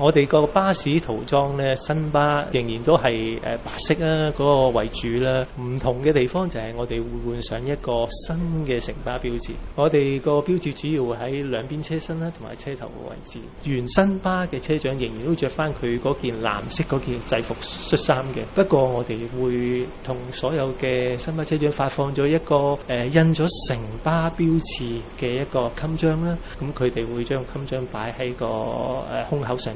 我哋個巴士塗裝咧，新巴仍然都係誒白色啊，嗰、那個為主啦。唔同嘅地方就係我哋會換上一個新嘅城巴標誌。我哋個標誌主要喺兩邊車身啦，同埋車頭嘅位置。原新巴嘅車長仍然都着返佢嗰件藍色嗰件制服恤衫嘅。不過我哋會同所有嘅新巴車長發放咗一個誒、呃、印咗城巴標誌嘅一個襟章啦。咁佢哋會將襟章擺喺個誒胸口上。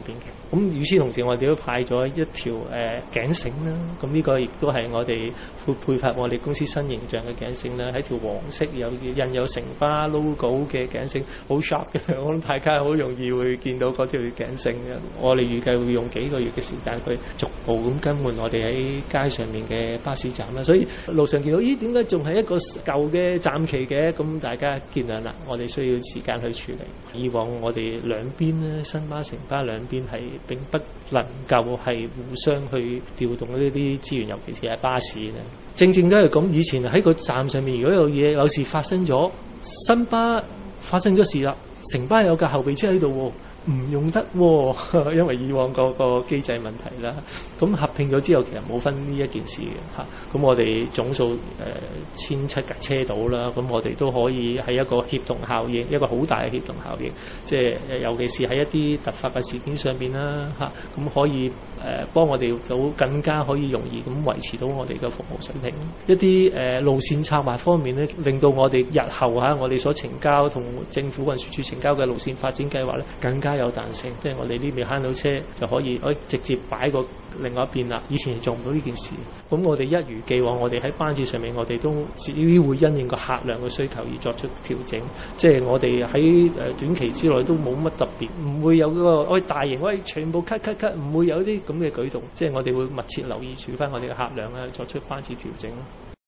咁與此同時，我哋都派咗一條誒頸、呃、繩啦。咁呢個亦都係我哋配配合我哋公司新形象嘅頸繩啦。係一條黃色有印有城巴 logo 嘅頸繩，好 sharp 嘅。我諗大家好容易會見到嗰條頸繩嘅。我哋預計會用幾個月嘅時間去逐步咁更換我哋喺街上面嘅巴士站啦。所以路上見到咦點解仲係一個舊嘅站旗嘅？咁大家見諒啦，我哋需要時間去處理。以往我哋兩邊咧，新巴、城巴兩邊。係並不能夠係互相去調動呢啲資源，尤其是係巴士咧。正正都係咁，以前喺個站上面，如果有嘢有事發生咗，新巴發生咗事啦，城巴有架後備車喺度喎。唔用得喎，因為以往嗰個機制問題啦。咁合併咗之後，其實冇分呢一件事嘅吓，咁我哋總數誒、呃、千七架車到啦，咁我哋都可以係一個協同效應一個好大嘅協同效應，即、就、係、是、尤其是喺一啲突發嘅事件上面啦吓，咁、啊、可以誒、呃、幫我哋到更加可以容易咁維持到我哋嘅服務水平。一啲誒、呃、路線策劃方面咧，令到我哋日後吓、啊、我哋所呈交同政府運輸署呈交嘅路線發展計劃咧，更加有彈性，即係我哋呢邊慳到車就可以可以直接擺個另外一邊啦。以前做唔到呢件事，咁我哋一如既往，我哋喺班次上面，我哋都只會因應個客量嘅需求而作出調整。即係我哋喺誒短期之內都冇乜特別，唔會有嗰個喂大型喂全部 cut cut cut，唔會有啲咁嘅舉動。即係我哋會密切留意住我哋嘅客量咧，作出班次調整。